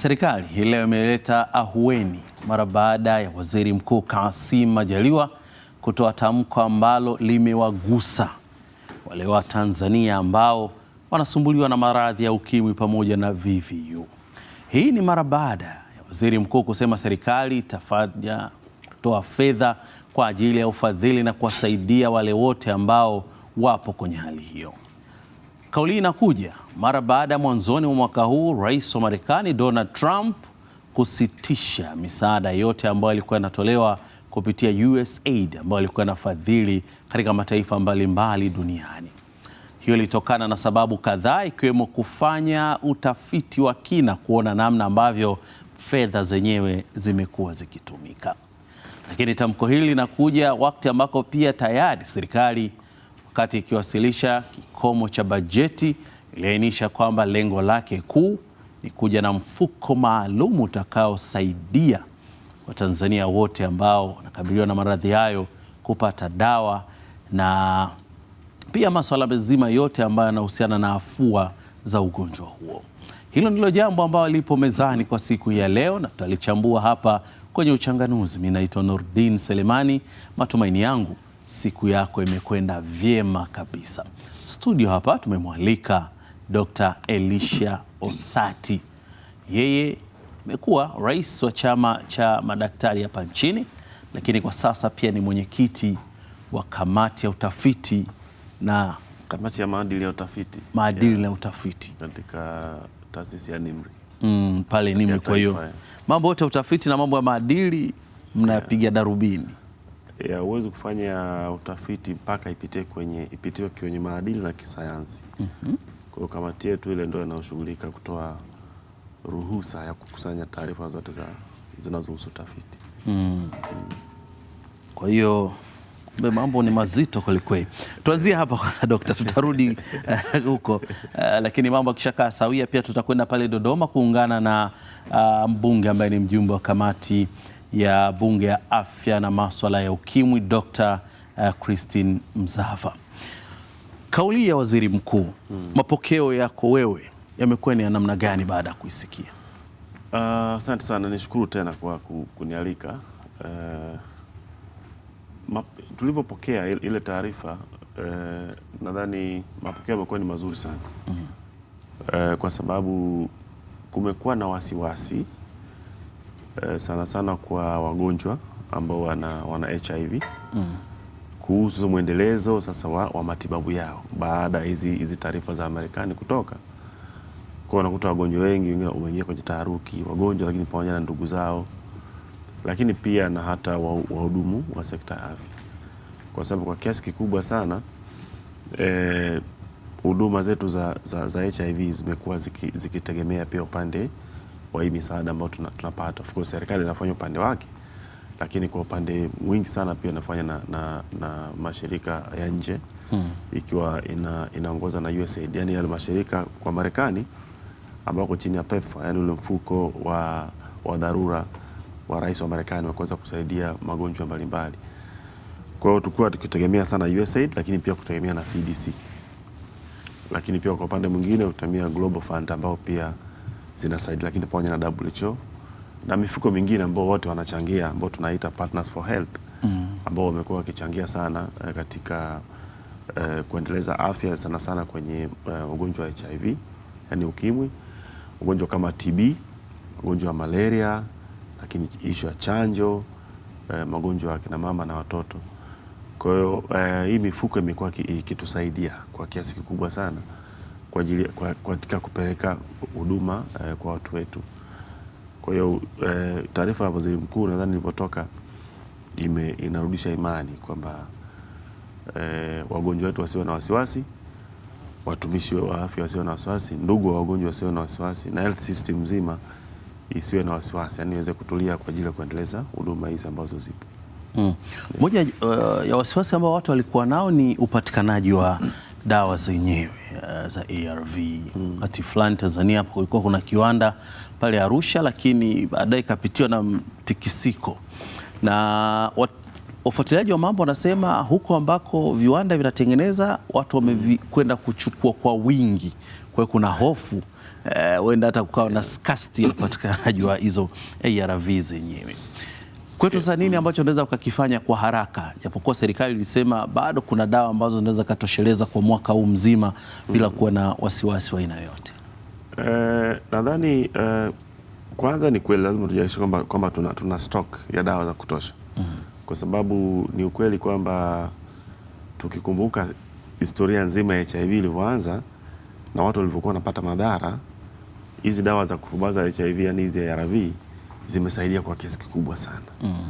Serikali hii leo imeleta ahueni mara baada ya Waziri Mkuu Kassim Majaliwa kutoa tamko ambalo limewagusa wale wa Tanzania ambao wanasumbuliwa na maradhi ya ukimwi pamoja na VVU. Hii ni mara baada ya Waziri Mkuu kusema serikali itafanya kutoa fedha kwa ajili ya ufadhili na kuwasaidia wale wote ambao wapo kwenye hali hiyo. Kauli inakuja mara baada ya mwanzoni mwa mwaka huu rais wa Marekani Donald Trump kusitisha misaada yote ambayo ilikuwa inatolewa kupitia USAID ambayo ilikuwa inafadhili katika mataifa mbalimbali mbali duniani. Hiyo ilitokana na sababu kadhaa ikiwemo kufanya utafiti wa kina kuona namna ambavyo fedha zenyewe zimekuwa zikitumika. Lakini tamko hili linakuja wakati ambako pia tayari serikali wakati ikiwasilisha kikomo cha bajeti iliainisha kwamba lengo lake kuu ni kuja na mfuko maalum utakaosaidia Watanzania wote ambao wanakabiliwa na maradhi hayo kupata dawa na pia masuala mazima yote ambayo yanahusiana na afua za ugonjwa huo. Hilo ndilo jambo ambalo lipo mezani kwa siku ya leo na tutalichambua hapa kwenye Uchanganuzi. Mi naitwa Nurdin Selemani. Matumaini yangu siku yako imekwenda vyema kabisa. Studio hapa tumemwalika Dr. Elisha Osati. Yeye amekuwa rais wa chama cha madaktari hapa nchini, lakini kwa sasa pia ni mwenyekiti wa kamati ya utafiti na kamati ya maadili ya utafiti, maadili na utafiti katika taasisi ya NIMRI mm, pale NIMRI. Kwa hiyo mambo yote ya utafiti na mambo ya maadili mnayapiga darubini huwezi kufanya utafiti mpaka ipitie kwenye ipitie kwenye maadili na kisayansi. mm -hmm. Kwa hiyo kamati yetu ile ndio inayoshughulika kutoa ruhusa ya kukusanya taarifa zote za zinazohusu utafiti. mm. mm. Kwa hiyo mambo ni mazito kwelikweli. Tuanzie hapa kwa dokta, tutarudi eh, huko uh, uh, lakini mambo akishakaa sawia, pia tutakwenda pale Dodoma kuungana na uh, mbunge ambaye ni mjumbe wa kamati ya Bunge ya Afya na Maswala ya Ukimwi, Dr. Eh, Christine Mzava. Kauli ya waziri mkuu hmm, mapokeo yako wewe yamekuwa ni ya namna gani baada ya kuisikia? Ah, asante uh, sana, nishukuru tena kwa kunialika. Uh, eh, tulivyopokea ile taarifa uh, nadhani mapokeo yamekuwa ni mazuri sana hmm, uh, kwa sababu kumekuwa na wasiwasi Eh, sana sana kwa wagonjwa ambao wana, wana HIV mm. kuhusu mwendelezo sasa wa, wa matibabu yao baada hizi hizi taarifa za Marekani kutoka kwa, wanakuta wagonjwa wengi wengine wameingia kwenye taharuki wagonjwa, lakini pamoja na ndugu zao, lakini pia na hata wahudumu wa sekta ya afya, kwa sababu kwa kiasi kikubwa sana eh, huduma eh, zetu za, za, za HIV zimekuwa zikitegemea ziki pia upande wa hii misaada ambayo tunapata. Of course serikali inafanya upande wake, lakini kwa upande mwingi sana pia inafanya na, na, na mashirika ya nje hmm. ikiwa ina, inaongoza na USAID, yani yale mashirika kwa Marekani ambako chini ya PEPFAR, yani ule mfuko wa, wa dharura wa rais wa Marekani wa kuweza kusaidia magonjwa mbalimbali. Kwa hiyo tulikuwa tukitegemea sana USAID, lakini pia kutegemea na CDC, lakini pia kwa upande mwingine kutegemea Global Fund ambao pia zinasaidia, lakini pamoja na WHO na mifuko mingine ambao wote wanachangia ambao tunaita Partners for Health mm. ambao wamekuwa wakichangia sana eh, katika eh, kuendeleza afya sana sana kwenye eh, ugonjwa wa HIV yani ukimwi, ugonjwa kama TB, ugonjwa wa malaria, lakini ishu ya chanjo eh, magonjwa ya kina mama na watoto. Kwa hiyo eh, hii mifuko imekuwa ikitusaidia kwa kiasi kikubwa sana kwa ajili katika kupeleka huduma eh, kwa watu wetu. Kwa hiyo eh, taarifa ya waziri mkuu nadhani ilivyotoka ime inarudisha imani kwamba eh, wagonjwa wetu wasiwe na wasiwasi, watumishi wa afya wasiwe na wasiwasi, ndugu wa wagonjwa wasiwe na wasiwasi, na health system nzima isiwe na wasiwasi, yani iweze kutulia kwa ajili ya kuendeleza huduma hizi ambazo zipo. Mm. Moja uh, ya wasiwasi ambao watu walikuwa nao ni upatikanaji wa dawa zenyewe uh, za ARV mm. Wakati fulani Tanzania hapo kulikuwa kuna kiwanda pale Arusha, lakini baadaye ikapitiwa na mtikisiko na wafuatiliaji wa mambo wanasema huko ambako viwanda vinatengeneza watu wamekwenda kuchukua kwa wingi, kwa hiyo kuna hofu eh, huenda eh, hata kukawa na scarcity ya upatikanaji wa hizo ARV zenyewe kwetu. Sasa nini ambacho unaweza ukakifanya kwa haraka, japokuwa serikali ilisema bado kuna dawa ambazo zinaweza katosheleza kwa mwaka huu mzima bila mm. kuwa na wasiwasi wa aina yoyote? Eh, nadhani eh, kwanza ni kweli lazima tujaisha kwamba, kwamba tuna, tuna stock ya dawa za kutosha mm -hmm. kwa sababu ni ukweli kwamba tukikumbuka historia nzima ya HIV ilivyoanza na watu walivyokuwa wanapata madhara, hizi dawa za kufubaza HIV, yani hizi ARV zimesaidia kwa kiasi kikubwa sana mm.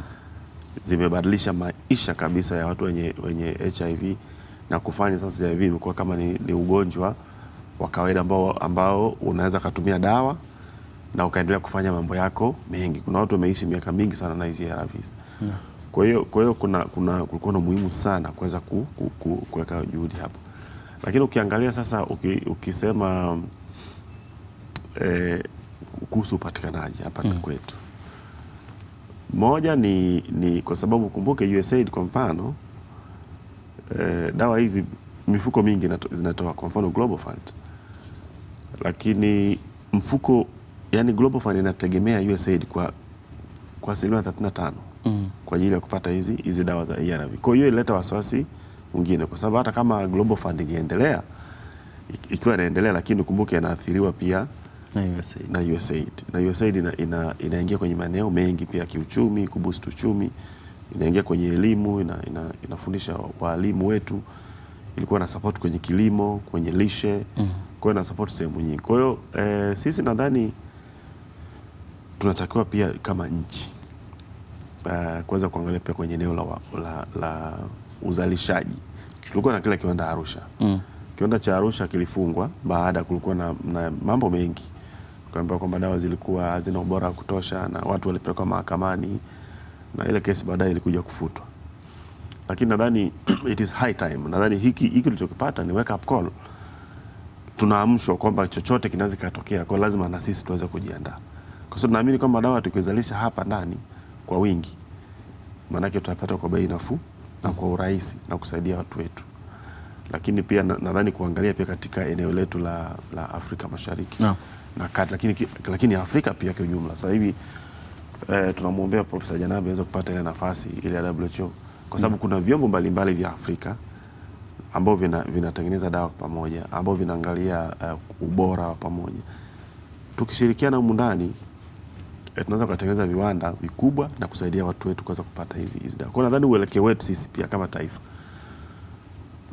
Zimebadilisha maisha kabisa ya watu wenye, wenye HIV na kufanya sasa HIV imekuwa kama ni, ni ugonjwa wa kawaida ambao, ambao unaweza ukatumia dawa na ukaendelea kufanya mambo yako mengi. Kuna watu wameishi miaka mingi sana na hizi ARVs yeah. Kwa hiyo kulikuwa kuna, kuna, na muhimu sana kuweza ku, ku, ku, kuweka juhudi hapo, lakini ukiangalia sasa uki, ukisema eh, kuhusu upatikanaji hapa mm. kwetu moja ni, ni kwa sababu kumbuke USAID kwa mfano eh, dawa hizi mifuko mingi zinatoa kwa mfano Global Fund, lakini mfuko yani Global Fund inategemea USAID kwa kwa asilimia 35 mm. kwa ajili ya kupata hizi hizi dawa za ARV. Kwa hiyo ileta wasiwasi mwingine, kwa sababu hata kama Global Fund ingeendelea ikiwa inaendelea, lakini kumbuke inaathiriwa pia na USAID na USAID, na USAID ina, ina, inaingia kwenye maeneo mengi pia kiuchumi, kubusti uchumi, inaingia kwenye elimu, ina, ina, inafundisha waalimu wetu, ilikuwa na support kwenye kilimo, kwenye lishe mm. kwa hiyo na support sehemu nyingi. Kwa hiyo eh, sisi nadhani tunatakiwa pia kama nchi uh, kuweza kuangalia pia kwenye eneo la, la, la uzalishaji. Tulikuwa na kile kiwanda Arusha mm. kiwanda cha Arusha kilifungwa baada kulikuwa na, na mambo mengi ukaambiwa kwamba dawa zilikuwa hazina ubora wa kutosha na watu walipelekwa mahakamani na ile kesi baadaye ilikuja kufutwa. Lakini nadhani it is high time, nadhani hiki hiki tulichokipata ni wake up call. Tunaamshwa kwamba chochote kinaweza kikatokea, kwa lazima na sisi tuweze kujiandaa, kwa sababu tunaamini kwamba dawa tukizalisha hapa ndani kwa wingi, maanake tutapata kwa bei nafuu na kwa urahisi na kusaidia watu wetu lakini pia nadhani kuangalia pia katika eneo letu la, la Afrika Mashariki no na kati, lakini, lakini Afrika pia kwa ujumla. Sasa hivi eh, tunamwombea Profesa Janabi aweze kupata ile nafasi ile ya WHO kwa sababu mm. kuna vyombo mbalimbali vya Afrika ambavyo vinatengeneza vina dawa pamoja ambao vinaangalia uh, ubora wa pamoja. Tukishirikiana humu ndani eh, tunaweza kutengeneza viwanda vikubwa na kusaidia watu wetu kuweza kupata hizi hizi dawa. Kwa nadhani uelekeo wetu sisi pia kama taifa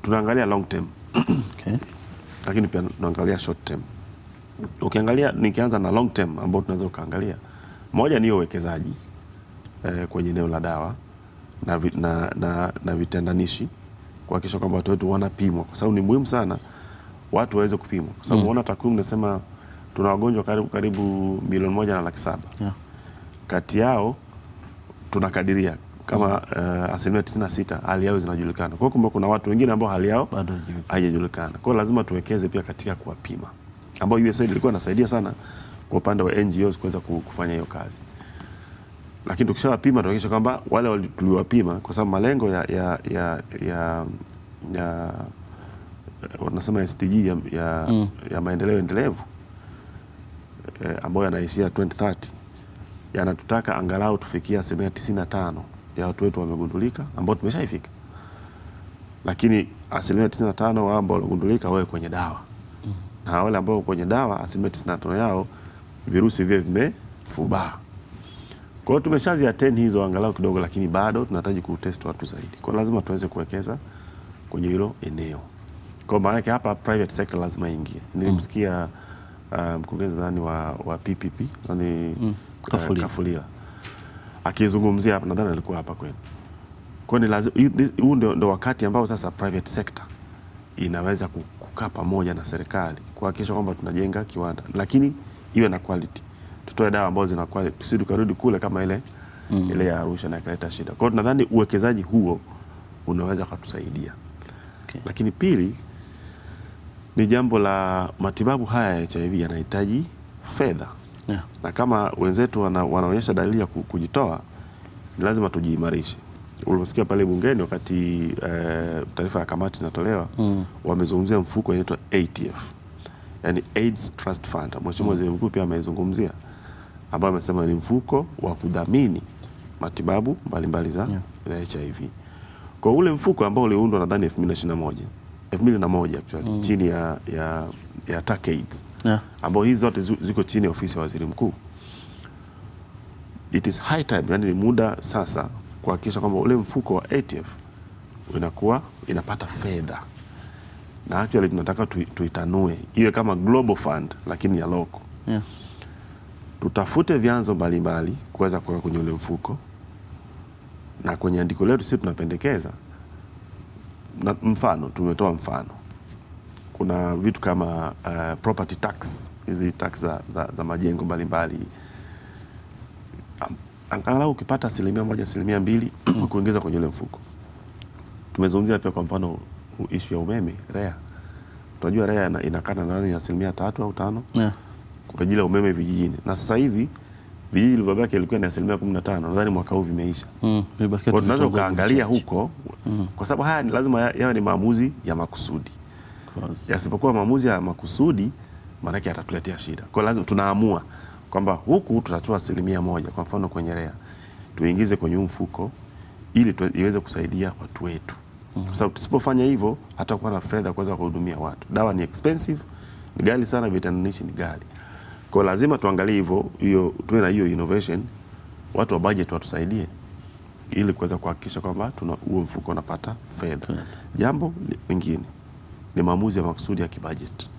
tunaangalia long term okay, lakini pia tunaangalia short term. Mm ukiangalia, nikianza na long term ambao tunaweza ukaangalia, moja ni uwekezaji eh, kwenye eneo la dawa na, na, na, na vitendanishi kuhakikisha kwamba watu wetu wanapimwa, kwa sababu ni muhimu sana watu waweze kupimwa, kwa sababu mm. unaona mm. takwimu nasema tuna wagonjwa karibu, karibu milioni moja na laki saba yeah. Kati yao tunakadiria kama mm. uh, asilimia tisini na sita hali yao zinajulikana. Kwa hiyo kumbe kuna watu wengine ambao hali yao haijajulikana. Kwa hiyo lazima tuwekeze pia katika kuwapima ambayo USAID ilikuwa inasaidia sana kwa upande wa NGOs kuweza kufanya hiyo kazi, lakini tukishawapima tunahakikisha kwamba wale tuliwapima, kwa sababu malengo ya, ya, ya, ya, ya wanasema SDG ya, ya, mm. ya maendeleo endelevu eh, ambayo yanaishia 2030 yanatutaka angalau tufikia asilimia 95 ya watu wetu wamegundulika, ambao tumeshaifika, lakini asilimia wao ambao wamegundulika wawe kwenye dawa na wale ambao kwenye dawa asilimia tisini na tano yao virusi vile vimefubaa. Kwa hiyo tumeshazi attend hizo angalau kidogo, lakini bado tunahitaji kutest watu zaidi. Kwa lazima tuweze kuwekeza kwenye hilo eneo. Kwa maana yake hapa private sector lazima ingie. Nilimsikia uh, mkurugenzi um, nani wa, wa PPP nani mm, uh, Kafulila, uh, Kafulila akizungumzia hapa, nadhani alikuwa hapa kwenu. Kwa ni lazima huu ndio wakati ambao sasa private sector inaweza kukaa pamoja na serikali kuhakikisha kwamba tunajenga kiwanda, lakini iwe na quality. Tutoe dawa ambazo zina quality, tusidi tukarudi kule kama ile mm. ile ya Arusha na ikaleta shida. Kwa hiyo tunadhani uwekezaji huo unaweza kutusaidia okay. Lakini pili ni jambo la matibabu haya ya HIV yanahitaji fedha yeah. Na kama wenzetu wana, wanaonyesha dalili ya kujitoa, lazima tujiimarishe ulivyosikia pale bungeni wakati eh, taarifa ya kamati inatolewa mm. wamezungumzia mfuko inaitwa ATF, yani AIDS Trust Fund. Mheshimiwa Waziri Mkuu pia ameizungumzia, ambayo amesema ni mfuko wa kudhamini matibabu mbalimbali za yeah. HIV. Kwa ule mfuko ambao uliundwa nadhani 2021 2001 actually mm. chini ya ya, ya TACAIDS yeah. ambao hizi zote ziko chini ya ofisi ya Waziri Mkuu. It is high time, yani ni muda sasa kuhakikisha kwamba ule mfuko wa ATF inakuwa inapata fedha, na actually tunataka tuitanue iwe kama global fund lakini ya loko yeah. Tutafute vyanzo mbalimbali kuweza kuweka kwenye ule mfuko, na kwenye andiko letu sisi tunapendekeza na mfano, tumetoa mfano, kuna vitu kama uh, property tax hizi tax za, za, za majengo mbalimbali angalau ukipata asilimia moja asilimia mbili kuingiza kwenye ule mfuko. Tumezungumzia pia kwa mfano ishu ya umeme REA, tunajua REA inakata nadhani asilimia tatu au tano yeah. kwa ajili ya umeme vijijini, na sasa hivi vijiji vilivyobaki ilikuwa ni asilimia kumi na tano nadhani mwaka huu vimeisha. Mm, tunaweza ukaangalia huko mm. kwa sababu haya lazima yawe ni maamuzi ya makusudi, yasipokuwa maamuzi ya makusudi maanake yatatuletea shida, kwa lazima tunaamua kwamba huku tutatoa asilimia moja, kwa mfano kwenye REA tuingize kwenye huu mfuko ili iweze kusaidia watu wetu, mhm. kwa sababu tusipofanya hivyo hatakuwa na fedha kuweza kuhudumia watu. Dawa ni expensive, ni ghali sana, vitaminishi ni ghali, kwa lazima tuangalie hivyo, hiyo tuwe na hiyo innovation, watu wa budget watusaidie ili kuweza kuhakikisha kwamba tuna huo mfuko unapata fedha. Jambo lingine ni maamuzi ya makusudi ya kibajeti.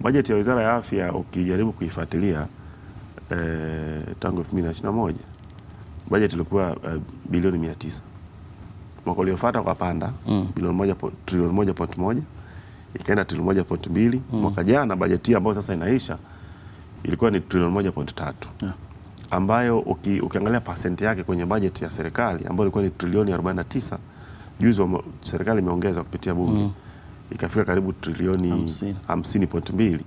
Bajeti ya Wizara ya Afya ukijaribu kuifuatilia eh, tangu 2021 bajeti ilikuwa eh, bilioni 900. Mwaka uliofuata kwa panda mm. bilioni moja, trilioni moja point moja ikaenda trilioni moja point mbili mm. mwaka jana bajeti ambayo sasa inaisha ilikuwa ni trilioni moja point tatu yeah. ambayo uki, ukiangalia pasenti yake kwenye bajeti ya serikali ambayo ilikuwa ni trilioni 49 juzi serikali imeongeza kupitia bunge mm ikafika karibu trilioni 50.2.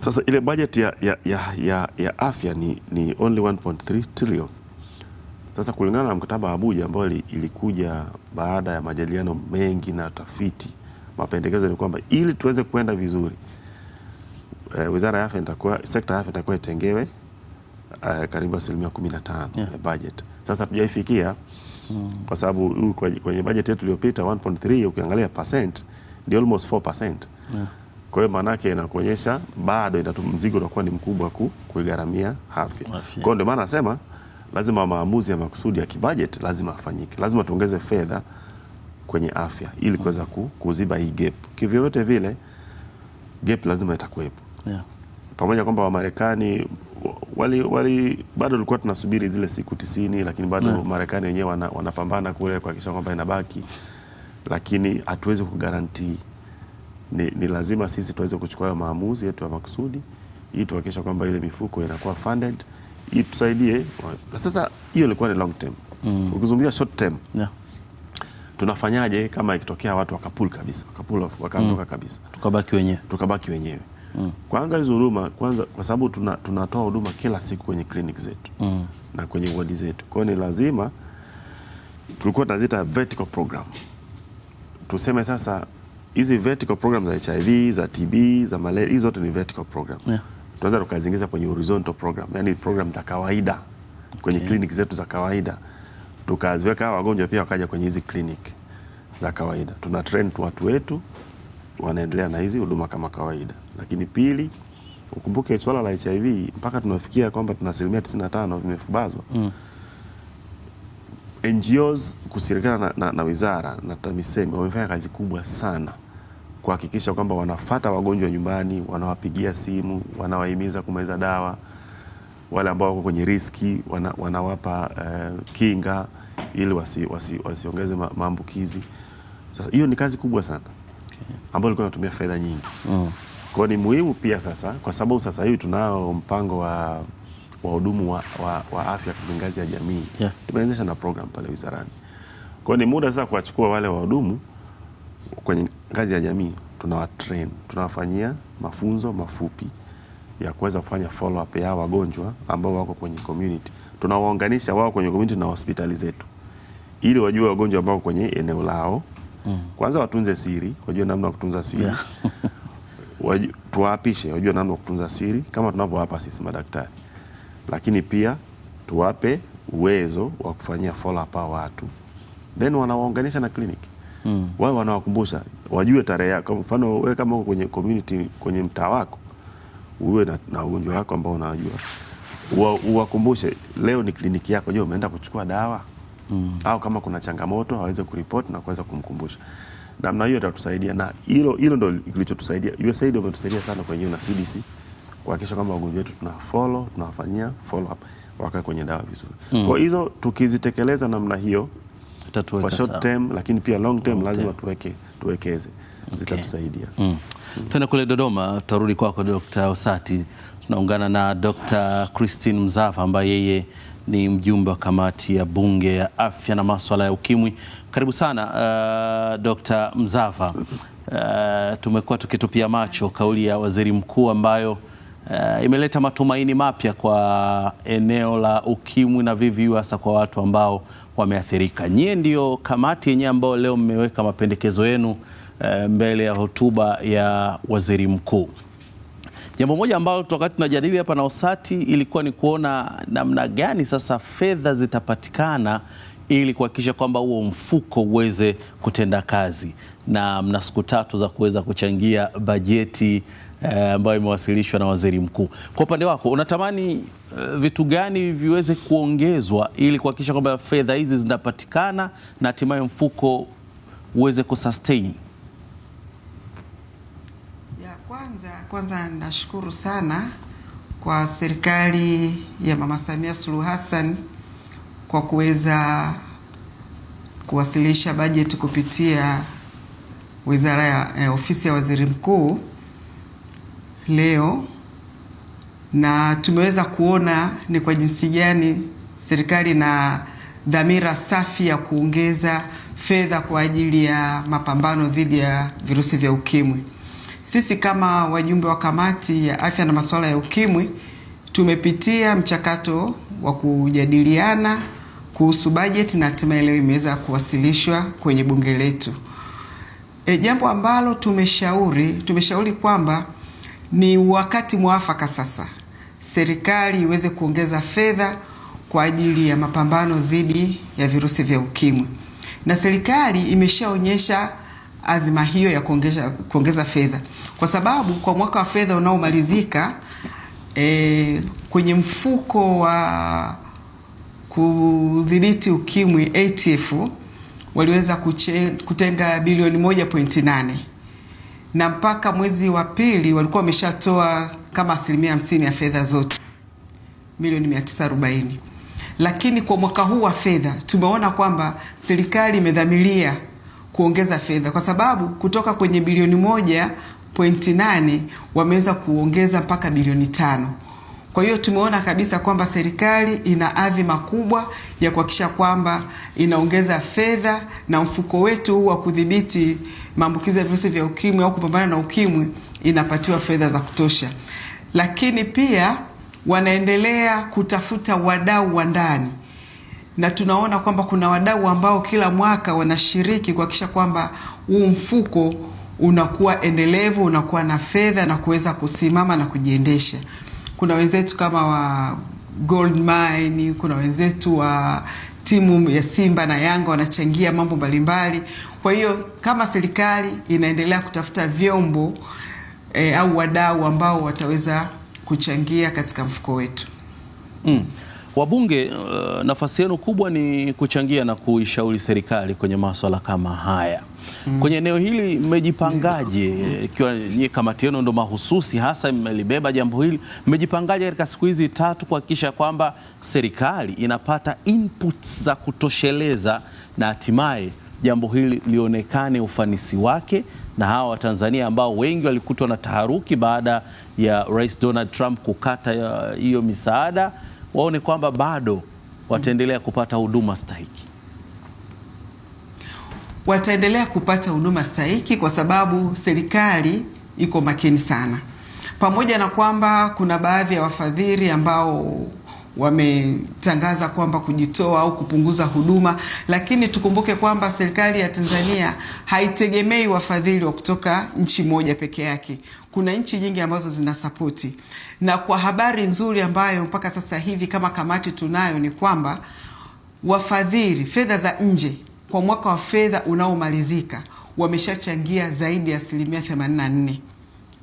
Sasa ile bajeti ya, ya, ya, ya, ya afya ni, ni only 1.3 trillion. Sasa kulingana na mkataba wa Abuja ambao ilikuja baada ya majadiliano mengi na tafiti, mapendekezo ni kwamba ili tuweze kwenda vizuri e, wizara ya afya itakuwa, sekta ya afya itakuwa itengewe e, karibu asilimia 15 yeah, ya Sasa hatujaifikia mm. kwa sababu kwenye budget yetu iliyopita 1.3 ukiangalia percent ni almost 4%. Yeah. Kwa hiyo maanake inakuonyesha bado inatu mzigo utakuwa ni mkubwa ku, kuigharamia afya. Kwa hiyo ndio maana nasema lazima maamuzi ya makusudi ya kibajeti lazima afanyike, lazima tuongeze fedha kwenye afya ili kuweza ku, kuziba hii gap. Kivyovyote vile gap lazima itakuwepo. Yeah. Pamoja kwamba Wamarekani wali, wali bado tulikuwa tunasubiri zile siku tisini lakini bado yeah. Mm. Marekani wenyewe wana, wanapambana kule kuhakikisha kwamba inabaki, lakini hatuwezi kugaranti Ni, ni lazima sisi tuweze kuchukua hayo maamuzi yetu ya makusudi ili tuhakikisha kwamba ile mifuko inakuwa funded ili tusaidie. Sasa hiyo ilikuwa ni long term mm. Ukizungumzia short term yeah. Tunafanyaje kama ikitokea watu wakapul kabisa wakapul wakaondoka mm. kabisa tukabaki wenyewe, tukabaki wenyewe mm. Kwanza hizo huduma kwanza, kwa sababu tuna, tunatoa huduma kila siku kwenye clinic zetu mm. na kwenye wadi zetu, kwa hiyo ni lazima tulikuwa tunazita vertical program. Tuseme sasa hizi vertical program za HIV za TB za malaria, hizo zote ni vertical program yeah. Tunaanza tukaziingiza kwenye horizontal program, yani program za kawaida kwenye okay. clinic zetu za kawaida tukaziweka wagonjwa pia wakaja kwenye hizi clinic za kawaida, tuna train watu wetu wanaendelea na hizi huduma kama kawaida. Lakini pili, ukumbuke swala la HIV mpaka tunafikia kwamba tuna asilimia 95 vimefubazwa mm. NGOs kushirikiana na, na, na wizara na TAMISEMI wamefanya kazi kubwa sana kuhakikisha kwamba wanafata wagonjwa nyumbani, wanawapigia simu, wanawahimiza kumeza dawa, wale ambao wako kwenye riski wana, wanawapa uh, kinga ili wasiongeze wasi, wasi maambukizi. Sasa hiyo ni kazi kubwa sana ambayo ilikuwa inatumia fedha nyingi mm. Kwa ni muhimu pia sasa, kwa sababu sasa hivi tunao mpango wa wahudumu wa, wa, wa afya kwa ngazi ya jamii yeah. Tumeanzisha na program pale wizarani, kwa ni muda sasa kuwachukua wale wahudumu kwenye ngazi ya jamii, tunawatrain, tunawafanyia mafunzo mafupi ya kuweza kufanya follow up ya wagonjwa ambao wako kwenye community. Tunawaunganisha wao kwenye community na hospitali zetu ili wajue wagonjwa ambao kwenye eneo lao mm. Kwanza watunze siri, wajue namna ya kutunza siri yeah. tuwaapishe wajue namna kutunza siri kama tunavyowapa sisi madaktari, lakini pia tuwape uwezo wa kufanyia follow up watu, then wanawaunganisha na kliniki mm. Wao wanawakumbusha wajue tarehe yako. Mfano wewe kama uko kwenye community, kwenye mtaa wako uwe na ugonjwa wako ambao unajua, uwakumbushe leo ni kliniki yako. Je, umeenda kuchukua dawa mm. au kama kuna changamoto aweze kuripoti na kuweza kumkumbusha namna hiyo itatusaidia, na hilo hilo ndo kilichotusaidia. USAID wametusaidia sana kwenye na CDC kuhakikisha kwamba wagonjwa wetu tuna follow, tunawafanyia follow up wakae kwenye dawa vizuri mm. Kwa hizo tukizitekeleza namna hiyo kwa short term, lakini pia long term, long lazima Tuweke, tuwekeze okay. Zitatusaidia mm. mm. Tuende kule Dodoma, tutarudi kwako Dr. Osati. Tunaungana na Dr. Christine mzafa ambaye yeye ni mjumbe wa kamati ya bunge ya afya na masuala ya ukimwi. Karibu sana uh, Dr. Mzava. Uh, tumekuwa tukitupia macho kauli ya waziri mkuu ambayo uh, imeleta matumaini mapya kwa eneo la ukimwi na VVU hasa kwa watu ambao wameathirika. Nyie ndio kamati yenyewe ambayo leo mmeweka mapendekezo yenu uh, mbele ya hotuba ya waziri mkuu. Jambo moja ambalo wakati tunajadili hapa na Osati ilikuwa ni kuona namna gani sasa fedha zitapatikana ili kuhakikisha kwamba huo mfuko uweze kutenda kazi, na mna siku tatu za kuweza kuchangia bajeti eh, ambayo imewasilishwa na waziri mkuu. Kwa upande wako unatamani eh, vitu gani viweze kuongezwa ili kuhakikisha kwamba fedha hizi zinapatikana na hatimaye mfuko uweze kusustain? Kwanza nashukuru sana kwa serikali ya Mama Samia Suluhu Hassan kwa kuweza kuwasilisha bajeti kupitia wizara ya eh, ofisi ya waziri mkuu leo, na tumeweza kuona ni kwa jinsi gani serikali na dhamira safi ya kuongeza fedha kwa ajili ya mapambano dhidi ya virusi vya ukimwi. Sisi kama wajumbe wa kamati ya afya na masuala ya ukimwi tumepitia mchakato wa kujadiliana kuhusu bajeti na hatimaye leo imeweza kuwasilishwa kwenye bunge letu. E, jambo ambalo tumeshauri tumeshauri kwamba ni wakati mwafaka sasa serikali iweze kuongeza fedha kwa ajili ya mapambano dhidi ya virusi vya ukimwi, na serikali imeshaonyesha adhima hiyo ya kuongeza, kuongeza fedha kwa sababu kwa mwaka wa fedha unaomalizika e, kwenye mfuko wa kudhibiti ukimwi ATF waliweza kuche, kutenga bilioni 1.8 na mpaka mwezi wa pili walikuwa wameshatoa kama asilimia hamsini ya fedha zote milioni arobaini Lakini kwa mwaka huu wa fedha tumeona kwamba serikali imedhamiria kuongeza fedha kwa sababu kutoka kwenye bilioni moja pointi nane wameweza kuongeza mpaka bilioni tano. Kwa hiyo tumeona kabisa kwamba serikali ina adhi makubwa ya kuhakikisha kwamba inaongeza fedha na mfuko wetu huu wa kudhibiti maambukizi ya virusi vya ukimwi au kupambana na ukimwi inapatiwa fedha za kutosha, lakini pia wanaendelea kutafuta wadau wa ndani na tunaona kwamba kuna wadau ambao kila mwaka wanashiriki kuhakikisha kwamba huu mfuko unakuwa endelevu, unakuwa na fedha na kuweza kusimama na kujiendesha. Kuna wenzetu kama wa Gold Mine, kuna wenzetu wa timu ya Simba na Yanga wanachangia mambo mbalimbali. Kwa hiyo kama serikali inaendelea kutafuta vyombo e, au wadau ambao wataweza kuchangia katika mfuko wetu mm. Wabunge, eh, nafasi yenu kubwa ni kuchangia na kuishauri serikali kwenye maswala kama haya mm. Kwenye eneo hili mmejipangaje, ikiwa nyie kamati yenu ndo mahususi hasa mmelibeba jambo hili, mmejipangaje katika siku hizi tatu kuhakikisha kwamba serikali inapata inputs za kutosheleza na hatimaye jambo hili lionekane ufanisi wake na hawa Watanzania ambao wengi walikutwa na taharuki baada ya Rais Donald Trump kukata uh, hiyo misaada waone kwamba bado wataendelea kupata huduma stahiki wataendelea kupata huduma stahiki kwa sababu serikali iko makini sana, pamoja na kwamba kuna baadhi ya wafadhili ambao wametangaza kwamba kujitoa au kupunguza huduma, lakini tukumbuke kwamba serikali ya Tanzania haitegemei wafadhili wa kutoka nchi moja peke yake. Kuna nchi nyingi ambazo zinasapoti, na kwa habari nzuri ambayo mpaka sasa hivi kama kamati tunayo ni kwamba wafadhili, fedha za nje kwa mwaka wa fedha unaomalizika wameshachangia zaidi ya asilimia 84.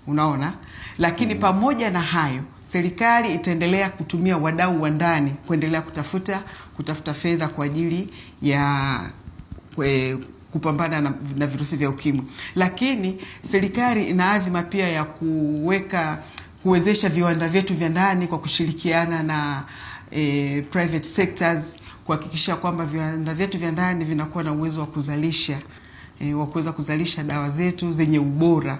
Unaona, lakini mm. pamoja na hayo serikali itaendelea kutumia wadau wa ndani kuendelea kutafuta kutafuta fedha kwa ajili ya kwe, kupambana na, na virusi vya ukimwi. Lakini serikali ina adhima pia ya kuweka kuwezesha viwanda vyetu vya ndani kwa kushirikiana na eh, private sectors kuhakikisha kwamba viwanda vyetu vya ndani vinakuwa na uwezo wa kuzalisha e, wa kuweza kuzalisha dawa zetu zenye ubora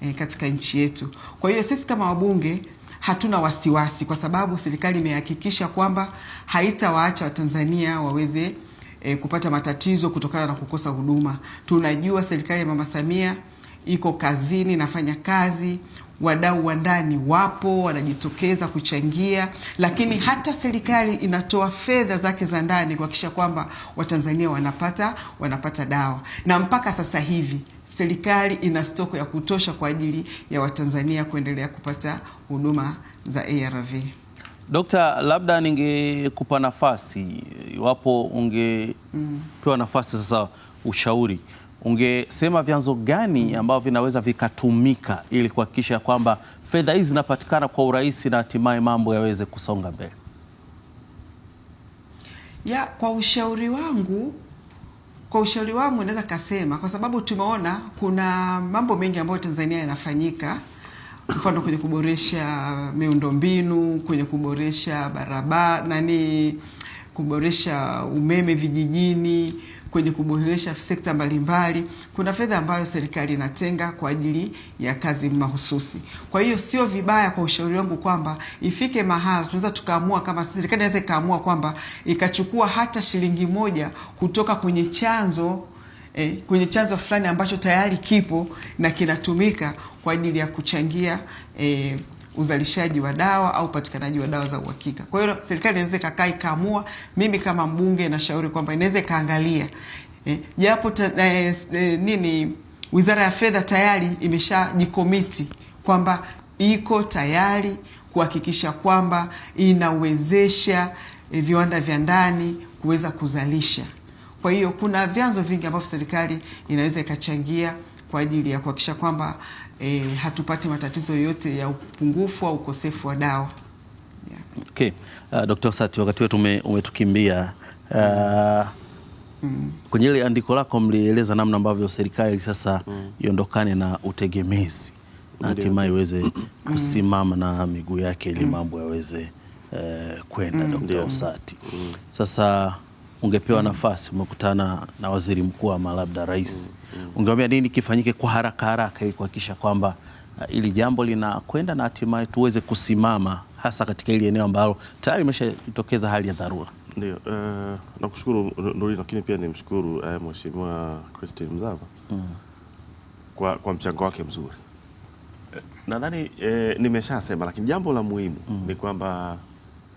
e, katika nchi yetu. Kwa hiyo sisi kama wabunge hatuna wasiwasi kwa sababu serikali imehakikisha kwamba haitawaacha Watanzania waweze e, kupata matatizo kutokana na kukosa huduma. Tunajua serikali ya Mama Samia iko kazini, nafanya kazi wadau wa ndani wapo wanajitokeza kuchangia, lakini hata serikali inatoa fedha zake za ndani kuhakikisha kwamba Watanzania wanapata wanapata dawa, na mpaka sasa hivi serikali ina stoko ya kutosha kwa ajili ya Watanzania kuendelea kupata huduma za ARV. Dokta, labda ningekupa nafasi iwapo ungepewa mm. nafasi sasa ushauri ungesema vyanzo gani ambavyo vinaweza vikatumika ili kuhakikisha kwamba fedha hizi zinapatikana kwa urahisi na hatimaye mambo yaweze kusonga mbele? Ya, kwa ushauri wangu kwa ushauri wangu naweza kasema, kwa sababu tumeona kuna mambo mengi ambayo Tanzania yanafanyika, mfano kwenye kuboresha miundombinu, kwenye kuboresha barabara, nani, kuboresha umeme vijijini kwenye kuboresha sekta mbalimbali. Kuna fedha ambayo serikali inatenga kwa ajili ya kazi mahususi. Kwa hiyo sio vibaya, kwa ushauri wangu, kwamba ifike mahala tunaweza tukaamua, kama serikali inaweza ikaamua kwamba ikachukua hata shilingi moja kutoka kwenye chanzo eh, kwenye chanzo fulani ambacho tayari kipo na kinatumika kwa ajili ya kuchangia eh, uzalishaji wa dawa au upatikanaji wa dawa za uhakika. Kwa hiyo serikali inaweza ikakaa ikaamua, mimi kama mbunge nashauri kwamba inaweza ikaangalia eh, japo eh, eh, nini Wizara ya Fedha tayari imeshajikomiti kwamba iko tayari kuhakikisha kwamba inawezesha eh, viwanda vya ndani kuweza kuzalisha. Kwa hiyo kuna vyanzo vingi ambavyo serikali inaweza ikachangia kwa ajili ya kuhakikisha kwamba e, hatupati matatizo yote ya upungufu au ukosefu wa dawa yeah. Okay. Uh, Dr. Sati wakati wetu umetukimbia uh, mm. Kwenye ile andiko lako mlieleza namna ambavyo serikali sasa mm. iondokane na utegemezi na hatimaye iweze mm. kusimama na miguu yake ili mm. mambo yaweze uh, kwenda mm. Dr. Sati mm. Sasa ungepewa mm. nafasi, umekutana na waziri mkuu ama labda rais mm. ungeambia nini kifanyike kwa haraka haraka ili kuhakikisha kwamba uh, ili jambo linakwenda na hatimaye tuweze kusimama hasa katika ili eneo ambalo tayari imeshatokeza hali ya dharura? Ndio, uh, nakushukuru Nuri, lakini pia nimshukuru uh, Mheshimiwa Christine Mzava mm. kwa, kwa mchango wake mzuri nadhani e, nimeshasema lakini jambo la muhimu mm. ni kwamba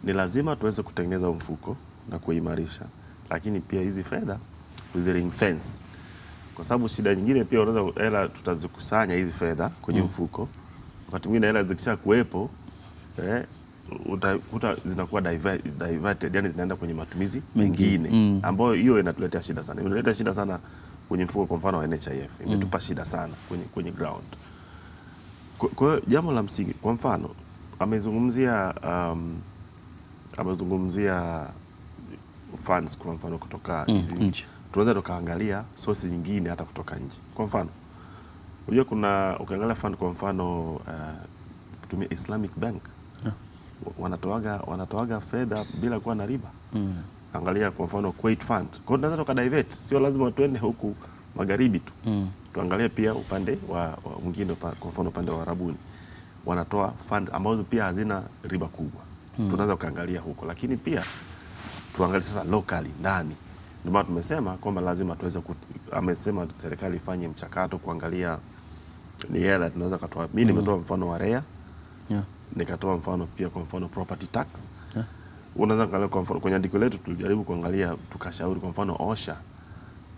ni lazima tuweze kutengeneza mfuko na kuimarisha, lakini pia hizi fedha tuzi ring fence kwa sababu shida nyingine pia unaweza hela, tutazikusanya hizi fedha kwenye mm. mfuko, wakati mwingine hela zikisha kuwepo eh, utakuta zinakuwa diverted, yani zinaenda kwenye matumizi mengine mm. ambayo hiyo inatuletea shida sana, inatuletea shida sana kwenye mfuko, kwa mfano wa NHIF mm. imetupa mm. shida sana kwenye, kwenye ground. Kwa hiyo jambo la msingi, kwa mfano amezungumzia um, amezungumzia funds kwa mfano kutoka mm, hizi mm tunaweza tukaangalia sosi nyingine hata kutoka nje. Kwa mfano unajua kuna ukiangalia fund kwa mfano uh, kutumia Islamic Bank yeah. wanatoaga wanatoaga fedha bila kuwa na riba mm. Angalia kwa mfano Kuwait Fund, kwa tunaweza tuka divert, sio lazima tuende huku magharibi tu mm. Tuangalie pia upande wa mwingine, kwa mfano upande wa Arabuni wanatoa fund ambazo pia hazina riba kubwa mm. Tunaweza ukaangalia huko, lakini pia tuangalie sasa locally ndani ndio maana tumesema kwamba lazima tuweze, amesema serikali ifanye mchakato kuangalia ni hela tunaweza katoa. Mimi mm. nimetoa mfano wa REA yeah. Nikatoa mfano pia kwa mfano property tax yeah. Unaweza kuangalia kwa mfano kwenye andiko letu tulijaribu kuangalia tukashauri kwa mfano OSHA,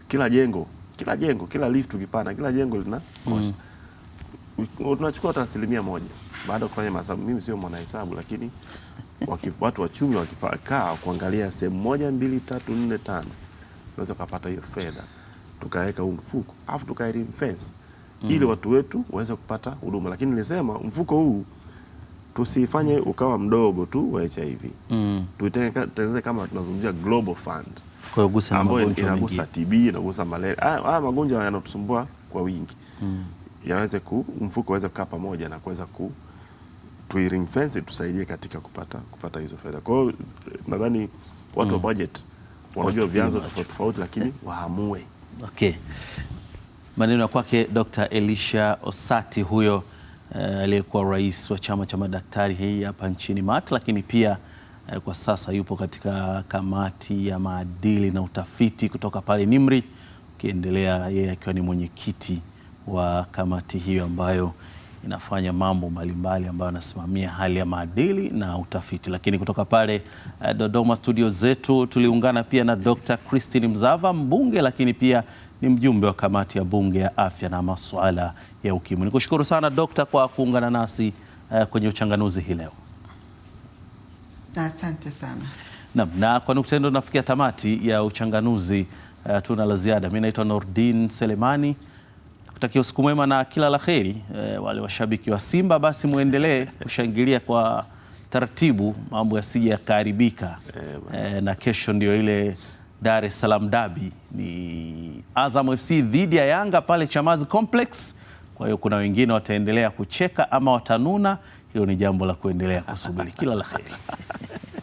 kila jengo kila jengo kila lift ukipanda kila jengo lina mm. OSHA mm. Tunachukua hata asilimia moja baada kufanya mahesabu. Mimi sio mwanahesabu, lakini watu wachumi wakikaa kuangalia sehemu moja mbili tatu nne tano tunaweza kupata hiyo fedha tukaweka huu mfuko afu tukaeli fence mm. ili watu wetu waweze kupata huduma, lakini nilisema mfuko huu tusifanye ukawa mdogo tu wa HIV mm. tuitengeneze kama tunazungumzia global fund ambayo inagusa TB inagusa malaria. Haya magonjwa yanatusumbua kwa wingi mm. yaweze ku mfuko waweze kukaa pamoja na kuweza ku tuiring fence tusaidie katika kupata kupata hizo fedha. Kwa hiyo nadhani watu mm. wa budget wanajua vyanzo tofauti tofauti, lakini eh. waamue. Okay, maneno ya kwake Dr. Elisha Osati huyo eh, aliyekuwa uh, rais wa chama cha madaktari hii hapa nchini MAT, lakini pia uh, kwa sasa yupo katika kamati ya maadili na utafiti kutoka pale NIMR, ukiendelea yeye akiwa ni mwenyekiti wa kamati hiyo ambayo inafanya mambo mbalimbali ambayo anasimamia hali ya maadili na utafiti. Lakini kutoka pale uh, Dodoma studio zetu tuliungana pia na Dr. Christine Mzava, mbunge lakini pia ni mjumbe wa kamati ya bunge ya afya na masuala ya ukimwi. Nikushukuru sana Dr. kwa kuungana nasi uh, kwenye uchanganuzi hii leo. Asante sana. Na, na kwa nukta ndo nafikia tamati ya uchanganuzi. Uh, tuna la ziada. Mimi naitwa Nordin Selemani kutakia usiku mwema na kila la heri. E, eh, wale washabiki wa Simba basi muendelee kushangilia kwa taratibu, mambo yasije yakaharibika. E, na kesho ndio ile Dar es Salaam dabi ni Azam FC dhidi ya Yanga pale Chamazi Complex. Kwa hiyo kuna wengine wataendelea kucheka ama watanuna, hilo ni jambo la kuendelea kusubiri. Kila la heri.